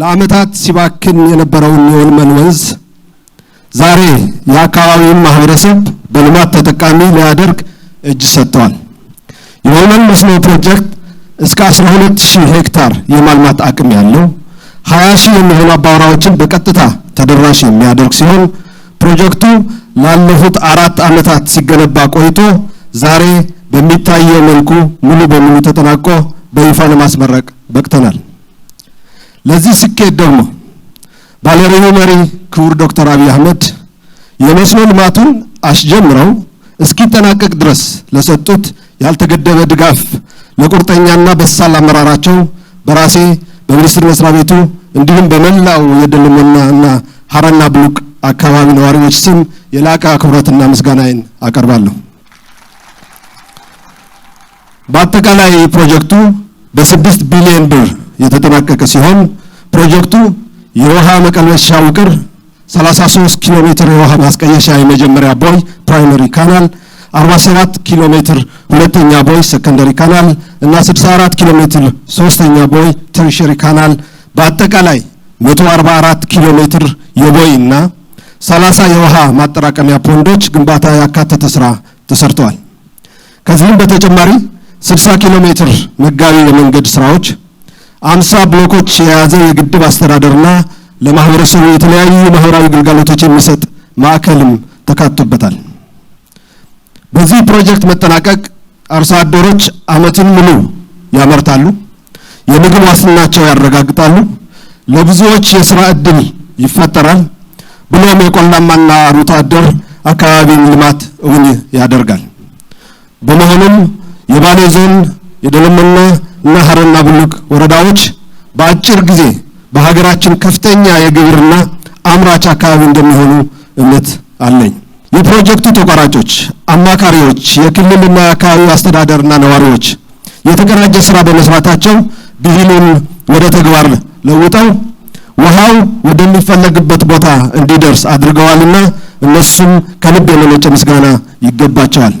ለዓመታት ሲባክን የነበረውን የወልመን ወንዝ ዛሬ የአካባቢውን ማህበረሰብ በልማት ተጠቃሚ ሊያደርግ እጅ ሰጥተዋል። የወልመን መስኖ ፕሮጀክት እስከ 120 ሄክታር የማልማት አቅም ያለው 20 ሺህ የሚሆኑ አባወራዎችን በቀጥታ ተደራሽ የሚያደርግ ሲሆን ፕሮጀክቱ ላለፉት አራት ዓመታት ሲገነባ ቆይቶ ዛሬ በሚታየው መልኩ ሙሉ በሙሉ ተጠናቆ በይፋ ለማስመረቅ በቅተናል። ለዚህ ስኬት ደግሞ ባለርዕዩ መሪ ክቡር ዶክተር አብይ አህመድ የመስኖ ልማቱን አስጀምረው እስኪጠናቀቅ ድረስ ለሰጡት ያልተገደበ ድጋፍ ለቁርጠኛና በሳል አመራራቸው በራሴ በሚኒስትር መስሪያ ቤቱ እንዲሁም በመላው የደልመናና ሀረና ብሉቅ አካባቢ ነዋሪዎች ስም የላቀ አክብሮትና ምስጋናዬን አቀርባለሁ። በአጠቃላይ ፕሮጀክቱ በስድስት ቢሊዮን ብር የተጠናቀቀ ሲሆን ፕሮጀክቱ የውሃ መቀልበሻ ውቅር 33 ኪሎ ሜትር የውሃ ማስቀየሻ የመጀመሪያ ቦይ ፕራይመሪ ካናል 47 ኪሎ ሜትር ሁለተኛ ቦይ ሰከንደሪ ካናል እና 64 ኪሎ ሜትር ሶስተኛ ቦይ ተርሸሪ ካናል በአጠቃላይ 144 ኪሎ ሜትር የቦይ እና 30 የውሃ ማጠራቀሚያ ፖንዶች ግንባታ ያካተተ ስራ ተሰርተዋል። ከዚህም በተጨማሪ 60 ኪሎ ሜትር መጋቢ የመንገድ ስራዎች አምሳ ብሎኮች የያዘ የግድብ አስተዳደርና ለማህበረሰቡ የተለያዩ ማህበራዊ ግልጋሎቶች የሚሰጥ ማዕከልም ተካቶበታል። በዚህ ፕሮጀክት መጠናቀቅ አርሶ አደሮች አመትን ሙሉ ያመርታሉ፣ የምግብ ዋስትናቸው ያረጋግጣሉ፣ ለብዙዎች የስራ እድል ይፈጠራል፣ ብሎም የቆላማና አርብቶ አደር አካባቢን ልማት እውን ያደርጋል። በመሆኑም የባሌ ዞን የደለመና እና ሀረና ቡሉቅ ወረዳዎች በአጭር ጊዜ በሀገራችን ከፍተኛ የግብርና አምራች አካባቢ እንደሚሆኑ እምነት አለኝ። የፕሮጀክቱ ተቋራጮች፣ አማካሪዎች፣ የክልልና የአካባቢው አስተዳደርና ነዋሪዎች የተቀናጀ ስራ በመስራታቸው ብሂሉን ወደ ተግባር ለውጠው ውሃው ወደሚፈለግበት ቦታ እንዲደርስ አድርገዋልና እነሱም ከልብ የመነጨ ምስጋና ይገባቸዋል።